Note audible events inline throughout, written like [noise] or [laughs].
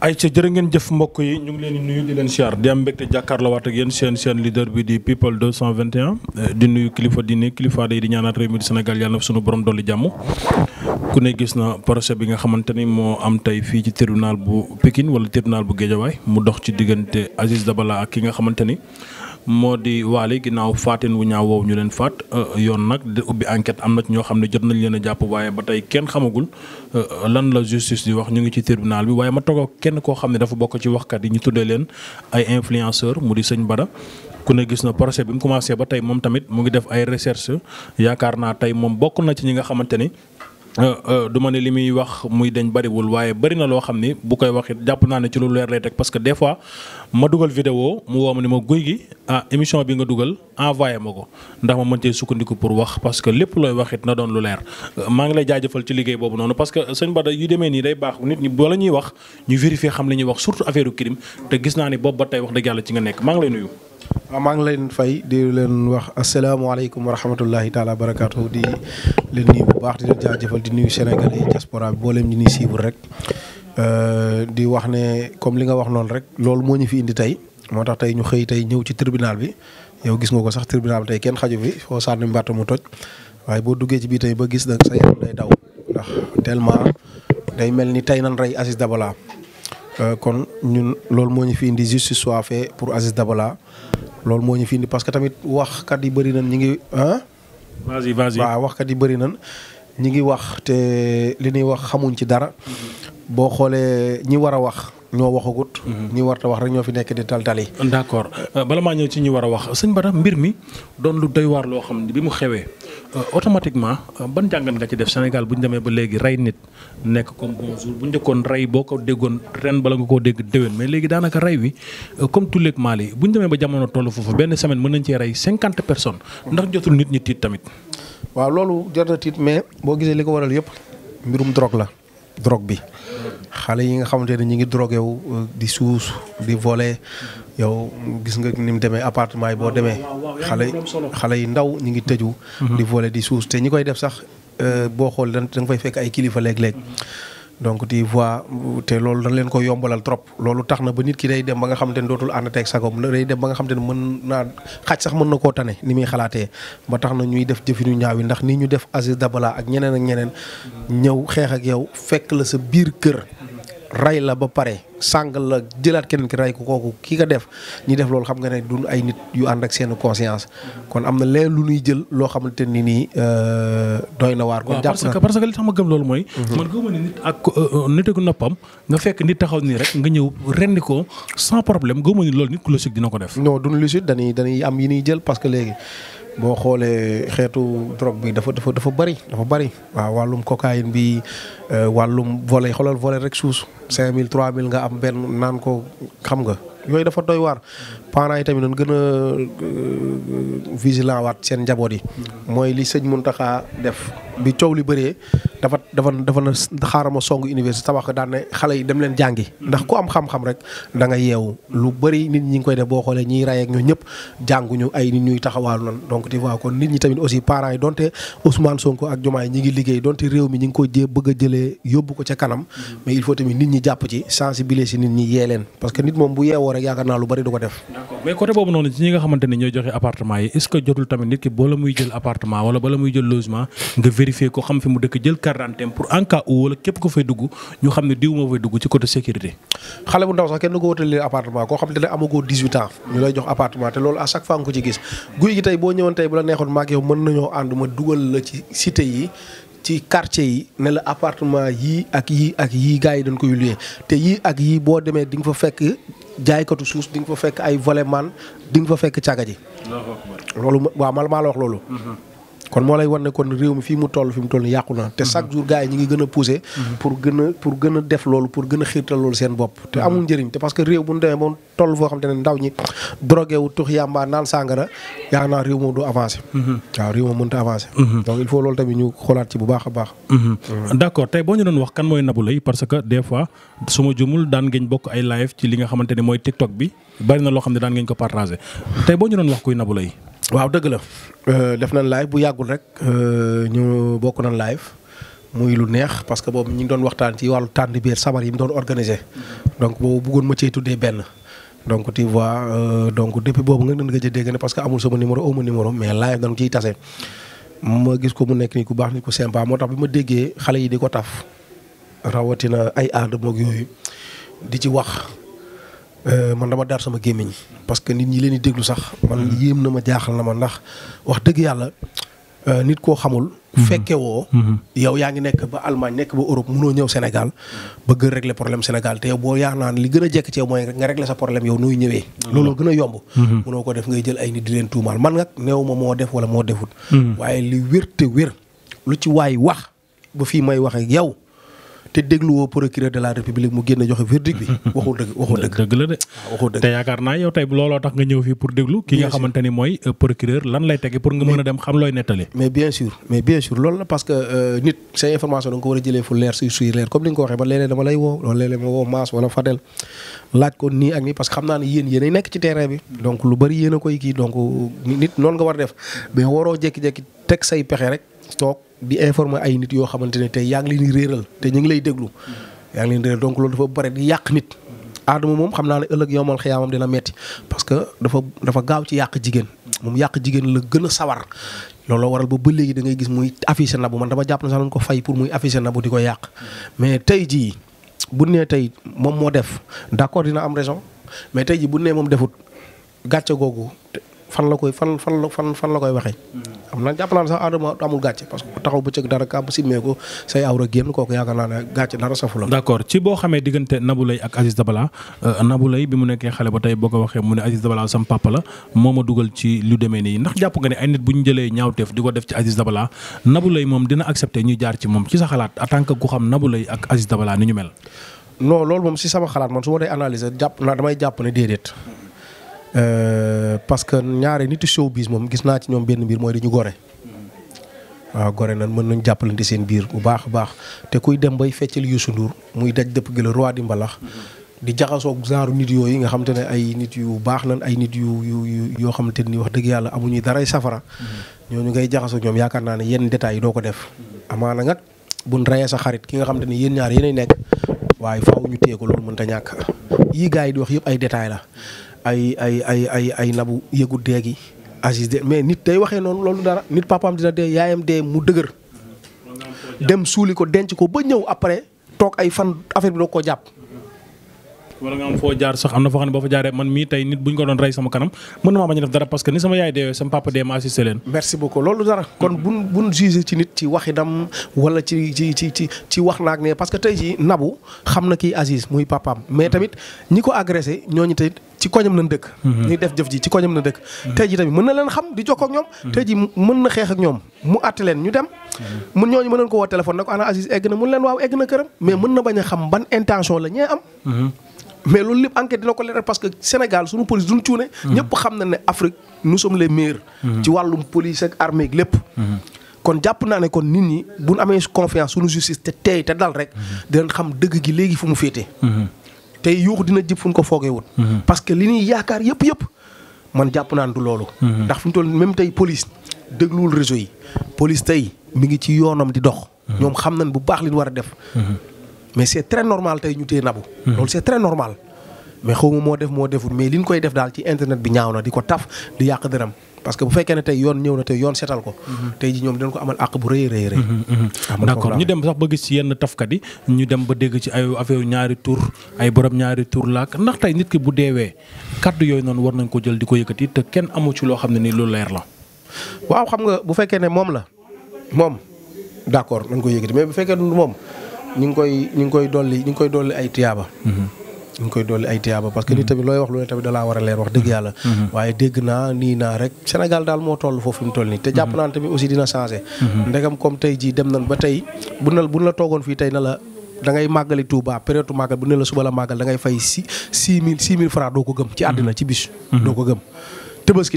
ay ca jërë ngeen jëf mbokk yi ñu ngi leen di nuyu di leen siyaar di am mbégte jàkkaarloowaat ak yéen seen seen leader bi di people 221 eh, di nuyu kilifa diine kilifa day di ñaanaat réew mi di Sénégal yàlla na suñu borom dolli jàmm ku ne gis na procès bi nga xamante ni moo am tey fii ci tribunal bu Pikine wala tribunal bu Guédiawaye mu dox ci diggante Aziz Dabala ak ki nga xamante ni moo di Waly ginnaaw faatin wu ñaaw woowu ñu leen faat euh, yoon nag di ubbi enquête am na ci ñoo xam ne jot nañ leen a jàpp waaye ba tey kenn xamagul euh, lan la justice di wax ñu ngi ci tribunal bi waaye ma toog kenn koo xam ne dafa bokk ci waxkat yi ñu tuddee leen ay influenceur mu di sëñ Bada ku ne gis na procès bi mu commencé ba tey moom tamit mu ngi def ay recherche yaakaar naa tey moom bokk na ci ñi nga xamante ni Euh, euh, du ma ne li muy wax muy dañ bariwul waaye bari na loo xam ni bu koy wax it jàpp naa ne ci lu leer lay teg parce que des fois ma dugal vidéo mu woo ma ne ma guy gi ah émission bi nga dugal envoyé ko ndax ma mën cee sukkandiku pour wax parce que lépp looy wax it na doon lu leer. Euh, maa ngi lay jaajëfal ci liggéey boobu noonu parce que sëñ Bada yu demee nii day baax nit ñi bala ñuy wax ñu vérifier xam li ñuy wax surtout affaire u te gis naa ni boobu ba te wax dëgg ci nga maa ngi lay nuyu. waaw maa ngi leen fay di leen wax asalaamaaleykum wa rahmatullahi taala barakaatu di leen nuyu bu baax di leen jaajëfal di nuyu Sénégal yi diaspora bi boo leen ñu nuy suivre rek euh, di wax ne comme li nga wax noonu rek loolu moo ñu fi indi tey moo tax tey ñu xëy tey ñëw ci tribunal bi yow gis nga ko sax tribunal bi tey kenn xaju bi foo sànni mbàtt mu toj waaye boo duggee ci bii tey ba gis nag sa yaram day daw ndax tellement day mel ni tey nan rey Aziz Dabala Euh, kon ñun loolu moo ñu fi indi justice soit fait pour Aziz Dabala loolu moo ñu fi indi parce que tamit waxkat yi bëri nañ ñi ngi ah. vas-y waxkat yi bëri nañ ñi ngi wax te li ñuy wax xamuñ ci dara. Mm-hmm. boo xoolee ñi war a wax ñoo waxagut. Mhm. ñi war ta wax rek ñoo fi nekk di taltali. d'accord euh, bala maa ñëw ci ñi war a wax sëñ Bada mbir mi doon lu doy waar loo xam ne bi mu xewee euh, automatiquement euh, ban jàngat nga ci def Sénégal bu ñu demee ba léegi rey nit nekk comme bonjour bu njëkkoon rey boo ko déggoon ren bala nga koo dégg déwén mais léegi daanaka rey wi comme tulleeg Mali bu ñu demee ba jamono tollu foofu benn semaine mën nañ cee rey cinquante personnes ndax jotul nit ñi tiit tamit. waaw loolu jar na mais boo gisee li ko waral yëpp mbirum drogue la drogue bi. xale yi nga xamante ne ñu ngi drogué wu euh, di suus di voler yow gis nga ni mu demee apartement yi boo demee. xale xale yi ndaw ñu ngi tëju. Mhm. di voler di suus te ñu koy def sax euh, boo xool da nga fay fekk ay kilifa léeg-léeg. donc di vois te loolu dañ leen ko yombalal trop loolu tax na ba nit ki day dem ba nga xamante ne dootul ànd teeg sagom day dem ba nga xamante ne mën naa xaaj sax mën na koo tane ni muy xalaatee ba tax na ñuy def jëfinu ñaaw yi ndax ni ñu def Aziz Dabala ak ñeneen ak ñeneen ñëw xeex ak yow fekk la sa biir kër ray la ba pare sàngal la jëlaat kenn ki ray kooku kii ko def ñi def loolu xam nga ne duñ ay nit yu ànd ak seen conscience kon am na leen lu ñuy jël loo xamante ni nii euh, doy na waar. kon jàpp na parce que li tax loolu mooy. Mhm. man gëmuma euh, euh, noppam nga fekk nit taxaw nii rek nga ñëw rendi ko sans problème gëmuma ni loolu nit ku dina ko def. non duñ logique dañuy dañuy am yi ñuy jël parce que léegi. boo xoolee xeetu drogue bi dafa dafa dafa bëri dafa bëri waaw wàllum cocaïne bi euh, wàllum volet xolal volet rek suus 5000 3000 nga am benn naan ko xam nga yooyu dafa doy war parents yi tamit nañ gën a euh, vigilant waat seen njaboot yi mm-hmm. mooy li sëñ Mountakha def bi coow li bëree dafa dafa na xaaral ma songu université tabax daan ne xale yi dem leen jàngi. ndax ku am xam-xam rek da yeewu lu bëri nit ñi ngi koy def boo xoolee ñi tamit aussi parents yi donte Ousmane Sonko ak Diomaye ñi ngi liggéey donte réew mi ñi ngi ko jé a jëlee yóbbu ko ca kanam. Mm-hmm. mais il faut tamit nit ñi jàpp ci sensibiliser nit ñi yee leen parce que nit moom bu yeewoo rek yaakaar naa lu bëri du ko def. d'accord mais côté boobu noonu ci ñi vérifier ko xam fi mu dëkk jël carte d'identité pour en cas où képp ko fay dugg ñu xam ne diw fay dugg ci côté sécurité. xale bu ndaw sax kenn du ko wutali appartement xam ne amagoo 18 ans ñu lay jox appartement te loolu à chaque fois nga ko ci gis guy gi tey boo ñëwoon tey bu la neexoon maak yow mën nañoo ànd dugal la ci cité yi. ci quartier yi ne la appartement yii ak yii ak yii gars yi dañ koy luyee te yii ak yii boo demee di nga fa fekk jaaykatu suus di nga fa fekk ay voleman di nga fa fekk caga ji kon moo lay wan kon réew mi fii mu toll fi mu toll yàqu na te chaque mhm. jour gars yi ñi ngi gën a poussé mhm. pour gën a pour gën a def loolu pour gën xiirtal loolu seen bopp te mhm. amul njëriñ parce que réew bu ñu demee ba toll foo xam te ne ndaw ñi drogué wu tux yàmbaa naan a avancé il faut loolu tamit ñu xoolaat ci bu baax a baax d'accord tey boo ñu doon wax kan mooy Nabou Leye parce que des fois su ma jumul daan ngeen bokk ay live ci li nga xamante ne mooy TikTok bi bari na loo xam ne daan ngeen ko partagé tey wax kuy Nabou Leye waaw dëgg la euh, def nañ live bu yàggul rek euh, ñu bokk nañ live muy lu neex parce que boobu ñu ngi doon waxtaan ci wàllu tànn biir sabar yi mu doon organisé donc boobu bëggoon ma cee tuddee benn donc tu vois euh, donc depuis boobu nga nga jël dégg ne parce que amul sama numéro aw ma numéro mais live dañ ciy tase ma gis ko mu nekk ni ku baax ni ku sympa moo tax bi ma déggee xale yi di ko taf rawatina ay aada moog yooyu di ci wax. Euh, man dama daar sama gémmiñ parce que nit ñi leen di déglu sax man yéem na ma jaaxal na ma ndax wax dëgg yàlla euh, nit koo xamul mhm. fekke woo mhm. yow yaa ngi nekk ba Allemagne nekk ba Europe munoo ñëw Sénégal bëgg a régler problème Sénégal te yow boo yaa naan li gën a jekk ci yow mooy nga régler sa problème yow nooy ñëwee ah. looloo gën a yomb mhm. munoo ko def ngay jël ay nit di leen tuumaal man nag néew ma moo def wala moo defut waaye li wér te wér lu ci waay wax ba fii may wax yow te dégluwoo procureur de la république mu génn joxe verdict bi [laughs] waxul dëgg waxul dëgg dëgg la de te yaakaar naa yow tey looloo tax nga ñëw fii pour déglu ki nga xamante ni mooy euh, procureur lan lay tege pour nga mën a dem xam looy nettali mais bien sûr mais bien sûr loolu la parce que euh, nit sa information da ko war a jëlee fu leer suy suy leer comme ni nga ko waxee ba léeg dama lay woo loolu ma woo Maas wala Fadel laaj ko nii ak nii parce que xam naa ne yéen nekk ci terrain bi donc lu bari a koy kii donc nit noonu nga war mais waroo jékki-jékki teg say pexe rek toog di informer ay nit yoo xamante ne tey yaa ngi leen di réeral te ñu ngi lay déglu yaa ngi leen di réeral donc loolu dafa bare di yàq nit aadama moom xam naa ne ëllëg yomal xiyaamam dina metti parce que dafa dafa gaaw ci yàq jigéen moom yàq jigéen la gën a sawar loolu waral ba ba léegi da ngay gis muy affiché nabu man dama jàpp na sax nañ ko fay pour muy affiché nabu di ko yàq mais tey jii bu nee tey moom moo def d'accord dina am raison mais tey jii bu fan la koy fan fan la fan fan la koy waxee. Mm-hmm. am na jàpp naa ne sax Adama amul gàcce parce que taxaw bëccëg dara kàmb simmee ko say awra génn kooku yaakaar naa ne gàcce dara safu la. d' accord ci boo xamee diggante Nabou Leye ak Aziz Dabala euh, Nabou Leye bi mu nekkee tey boo ko waxee mu ne Aziz Dabala sam papa la moo ma dugal nga ne ay bu ñu jëlee ñaawteef di ko def ci moom dina accepté ñu jaar ci moom ci sa xalaat en tant que ku xam Nabou Leye ak Aziz Dabala ni ñu mel. non loolu moom si sama xalaat man su ma day analyser jàpp naa damay jàpp ne déedéet Euh, parce que ñaare nit showbiz moom gis naa ci ñoom benn mbir mooy dañu gore. waaw gore nan mën nañ jàppalante seen biir bu baax a baax te kuy dem bay feccal Youssou Ndour muy daj dëpp gi la roi di mbalax. di jaxasoo genre nit yooyu nga xam te ne ay nit yu baax lan ay nit yu yu yu yoo xamante ni wax dëgg yàlla amuñuy daray safara. ñoo ñu ngay jaxasoo ñoom yaakaar naa ne yenn détails yi doo ko def. amaana nag buñ reyee sa xarit ki nga xam te ne yéen ñaar yéenay nekk waaye faaw ñu téye ko loolu mënta ñàkk. yii yi di wax yëpp ay détails la. ay ay ay ay ay nabu yëgu dee gi mais nit day waxee noonu loolu dara nit papaam dina de yaayam de mu dëgër dem suuli ko denc ko ba ñëw après toog ay fan affaire bi doo koo jàpp wala nga am foo jaar sax am na foo xam ne boo fa jaaree man mii tey nit bu ñu ko doon rey sama kanam mën na maa bañ a def dara parce que ni sama yaay deewee sama papa dee ma assisté leen. merci ci ci waxinam wax naag ne parce que tey jii nabu xam na kii Aziz muy papaam mais mm-hmm. tamit ñi ko agressé ñooñu tey ci koñam lañ dëkk. Mm-hmm. ñuy def jëf ji ci koñam na dëkk. Mm-hmm. tey jii tamit mën na leen xam di jokkoo ak ñoom. tey jii mën na xeex ak ñoom mu àtte leen ñu dem. mun ñooñu mën nañ ko woo téléphone ne ko ana na mun leen waaw egg na këram a xam ban intention la ñee am mais loolu lépp enquête dina ko leeral parce que Sénégal suñu police duñ cuune. Mmh. ñëpp xam na ne Afrique nous sommes les meilleurs. Mmh. ci wàllum police ak armée lépp. Mmh. kon jàpp naa ne kon nit ñi bu ñu amee confiance sunu justice te teey te dal rek. dinañ xam dëgg gi léegi fu mu féete. tey yuuxu dina jib fu ko foogee woon. parce que li ñuy yaakaar yëpp yëpp man jàpp naa ne du loolu. ndax fu ñu toll même tey police dégluwul réseau yi. police tey mi ngi ci yoonam di dox. ñoom xam nañ bu baax li war a def. mais c' très normal tey ñu téye nabu. loolu c' est très normal. mais xaw ma moo def moo deful mais li ñu koy def daal ci internet bi ñaaw na di ko taf di yàq dëram parce que bu fekkee ne tey yoon ñëw na tey yoon setal ko. tey ji ñoom dinañ ko amal àq bu rëy rëy rëy. Mhm, mhm. d'accord ñu dem sax ba gis ci yi ñu dem ba dégg ci ay affaire ñaari tur ay borom ñaari tur laak ndax tey nit ki bu deewee kaddu yooyu noonu war nañ ko jël di ko yëkkati te kenn amu ci loo xam ne nii lu leer la. waaw xam nga bu fekkee ne moom la moom d'accord nañ ko yëkkati mais bu fekkee ne moom ñu ngi koy ñu ngi koy dolli ñu ngi koy dolli ay tiyaaba. Mm-hmm. ñu ngi koy dolli ay tiyaaba parce que ni tamit looy wax loolu tamit dalaa war a leer wax dëgg mm-hmm. yàlla. Mm-hmm. waaye dégg naa nii naa rek Sénégal daal moo toll foofu mu toll nii. te jàpp naa ne tamit aussi dina changé. ndegam comme tey jii dem nañ ba tey bu na bu la toogoon fii tey na la. dangay ngay màggali Touba période màggal bu ne la suba la màggal da fay six six mille six mil francs doo ko gëm. ci àddina ci bis. doo ko gëm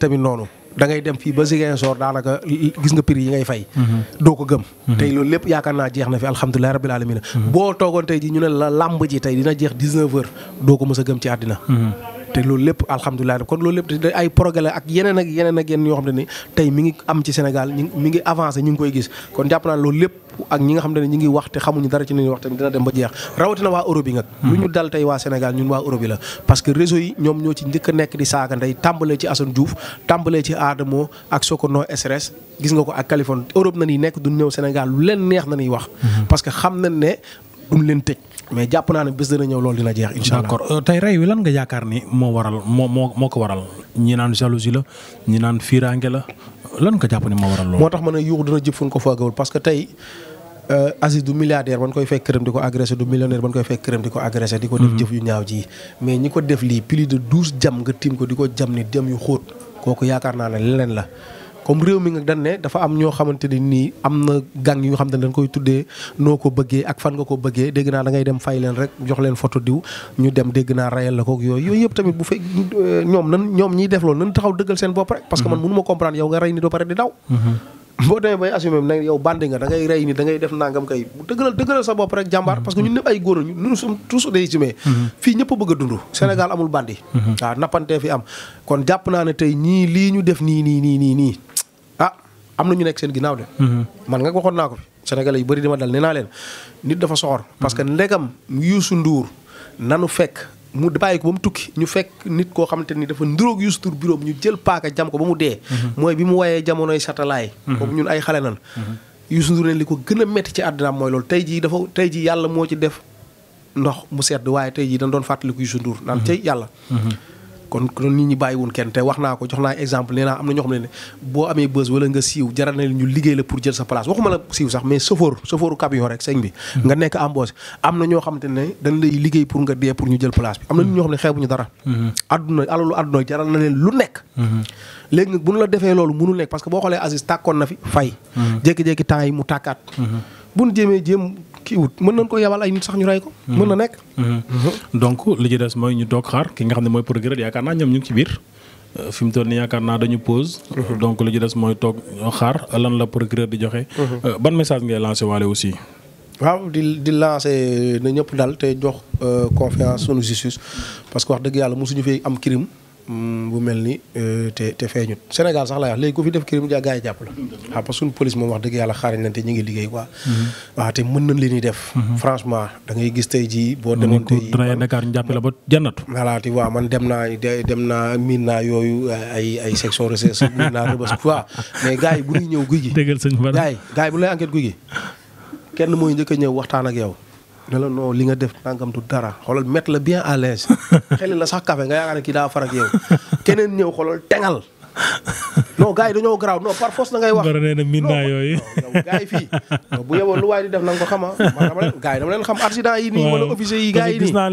tamit noonu. da ngay dem fii ba Ziguinchor daanaka gis nga prix yi ngay fay. Mhm. doo ko gëm. Mhm. tey loolu lépp yaakaar naa jeex na fi alhamdulilah rabbil alamin mhm. boo toogoon tey ji ñu ne la làmb ji tey dina jeex 19 doo ko mës gëm ci àddina. te loolu lépp alhamdulilah kon loolu lépp ay progrès la ak yeneen ak yeneen ñoo yeneen yoo xam te ne tey mi ngi am ci Sénégal ñu ngi avancé ak ñi ngi wax te xamuñu dara ci li wax tamit dina dem ba jeex rawatina waa Europe yi nag hmm. lu ñu dal tey waa Sénégal ñun waa Europe yi la parce que réseau yi ñoom ñoo ci njëkk a nekk di saaga ndey tàmbalee ci Assane Diouf tàmbalee ci Adamo ak Sokono SRS gis nga ko ak Californie Europe na ni nekk du ñëw Sénégal lu leen neex na ñuy wax hmm. parce que xam nañ duñ leen tëj mais jàpp naa ne bés dana ñëw loolu dina jeex incha allah d'accord euh, tey rey wi lan nga yaakaar ni moo waral moo moo moo ko waral ñi naan jalousie la ñi naan fiiraange la lan nga jàpp ni moo waral loolu tax ma ne yuux dina jëf fu ñu ko foogewul parce que tey euh, Aziz du milliardaire ban koy fekk këram di ko agressé du millionnaire ban koy fekk këram di ko agressé di ko def mhm. jëf yu ñaaw ji mais ñi ko def lii plus de douze jam nga tiim ko di ko jam ni dem yu xóot kooku yaakaar naa ne leneen la comme réew mi nga dañ ne nii am na naa nga rey mhm. [laughs] kay dëgëral dëgëral sa bopp rek jàmbaar mhm. parce que ñun ñëpp ay góor ñu nous tous des humains mhm. fii ñëpp a bëgg a dund Sénégal amul bandi waaw nappantee fi am kon jàpp naa ne tey ñii lii ñu def nii nii nii nii am na ñu nekk seen ginnaaw de. Mhm. man nga waxoon naa ko fi sénégalais yu bëri di ma dal nee naa leen nit dafa soxor. parce que mhm. ndegam Youssou Ndour nanu fekk mu bàyyi ko ba mu tukki ñu fekk nit koo xamante ni dafa nduróog Youssou Ndour biroom ñu jël paaka jam ko ba mu dee. Mhm. mooy bi mu wayee jamonoy satalaay. boobu ñun ay xale nan. Youssou Ndour ne li ko gën a métti ci àddinaam mooy loolu tey jii dafa tey jii yàlla moo ci def ndox mu sedd waaye tey jii dañ doon fàttaliku Youssou Ndour naan cay yàlla. kon kon nit ñi bàyyiwul kenn te wax naa ko jox naa exemple nee naa am na ñoo xam ne ne boo amee bës wala nga siiw jaral na leen lu nekk hmm. léegi nag bu ñu la defee loolu mënu nekk parce que boo xoolee Aziz tàkkoon na fi fay hmm. jékki-jékki temps yi mu tàkkaat hmm. bu ñu jéemee jéem kii wut mën nañ ko yabal ay nit sax ñu rey ko. Hmm. mën na nekk. Hmm. Hmm. donc li ci des mooy ñu toog xaar ki nga xam ne mooy procureur yaakaar naa ñoom ñu ngi ci biir euh, fi mu toll nii yaakaar naa dañu pause. donc li ci des mooy toog xaar lan la procureur di joxe. Euh, ban message ngay lancé waale aussi. waaw di di lancé na ñëpp dal te jox euh, confiance sunu justice parce que wax dëgg yàlla mosuñu fi am crime. Mm, bu mel ni euh, te te feeñut Sénégal sax lay wax léegi ku fi def crime gaa gaa jàpp la waaw wax dëgg yàlla xaarañ nañ te ñu ngi liggéey quoi mm-hmm. waaw te mën nañ li ñuy def mm-hmm. franchement da ngay gis tey ji boo demoon tey Dakar ñu jàppe la ba jannatu voilà tu vois man dem naa dem naa miin naa yooyu euh, ay ay section recherche miin naa rëbës quoi mais gars yi bu ñuy ñëw guy gi [laughs] gars yi gars yi bu lay enquête guy gi kenn mooy njëkk a ñëw waxtaan ak yow ne la non li nga def nangam du dara xoolal met la bien à l'aise [laughs] xel la sax café nga yaakaar ne kii daa far ak yow keneen ñëw xoolal tengal. non gars yi dañoo garaaw non par force na ngay wax. dara nee na miin naa yooyu. gars yi fii bu yeboo lu waay di def na ko xam ah dama leen xam accident yi nii wala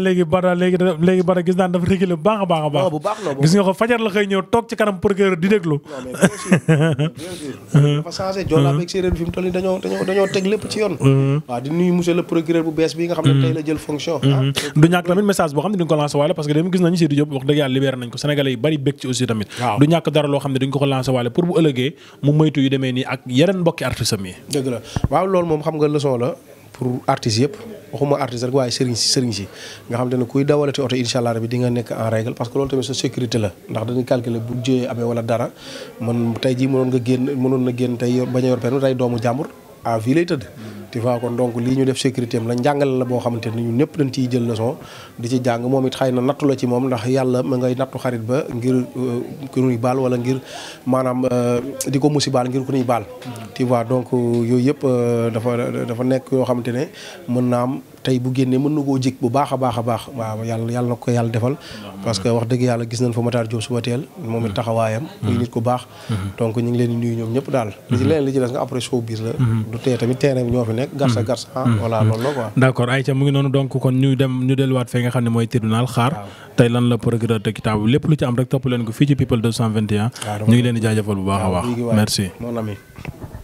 a la procureur bu bees bi nga xam ne uh-huh. tey la jël fonction. Ah. Uh-huh. du ñàkk tamit message boo xam ne di nga ko lancé waaye la parce que dem gis nañu Sidy Diop wax dëgg yàlla libéré nañ ko sénégalais bari bëgg ci aussi tamit du ñàkk dara loo xam ne dañ ko ko lancé waale pour bu ëllëgee mu moytu yu demee nii ak yeneen mbokki artistes am yi. dëgg la waaw lool moom xam nga leçon la pour artistes yëpp waxuma artiste rek waaye sëriñ si sëriñ si nga xam te ne kuy dawalati oto incha allah rabi di nga nekk en règle parce que loolu tamit sa sécurité la ndax dañuy calculer bu jëyee amee wala dara man tey jii mënoon nga génn mënoon na génn tey bañ a yor tey doomu jàmbur à vie lay tëdd tu vois kon donc lii ñu def sécurité am la njàngale la boo xamante ni ñun ñëpp dañ ciy na nattu la ci moom ndax yàlla ba ngir euh, wala ngir maanaam euh, di ko musibaal ngir ku ñuy baal. Mm-hmm. tu vois donc euh, yooyu yëpp dafa dafa nekk yoo xamante ne mën naa am tey bu génnee mën na koo jik bu baax baax a baax waaw yàlla yàlla na ko yàlla defal. parce que wax dëgg yàlla gis nañ fa Matar Diop suba teel. moom it mm-hmm. taxawaayam. muy mm-hmm. nit baax. donc ñu ngi leen di ñëpp daal. li li ci nga après show biir la. du tee tamit terrain bi ñoo fi nekk garsa mm-hmm. garsa ah, mm-hmm. voilà loolu la quoi mm-hmm. mu ngi noonu donc kon ñu dem ñu delluwaat fee nga xam ne mooy tribunal xaar tey lan la procureur te kitaab lépp lu ci am rek topp leen ko fii ci people 221 ñu ngi leen di jaajëfal bu baax a baax merci mon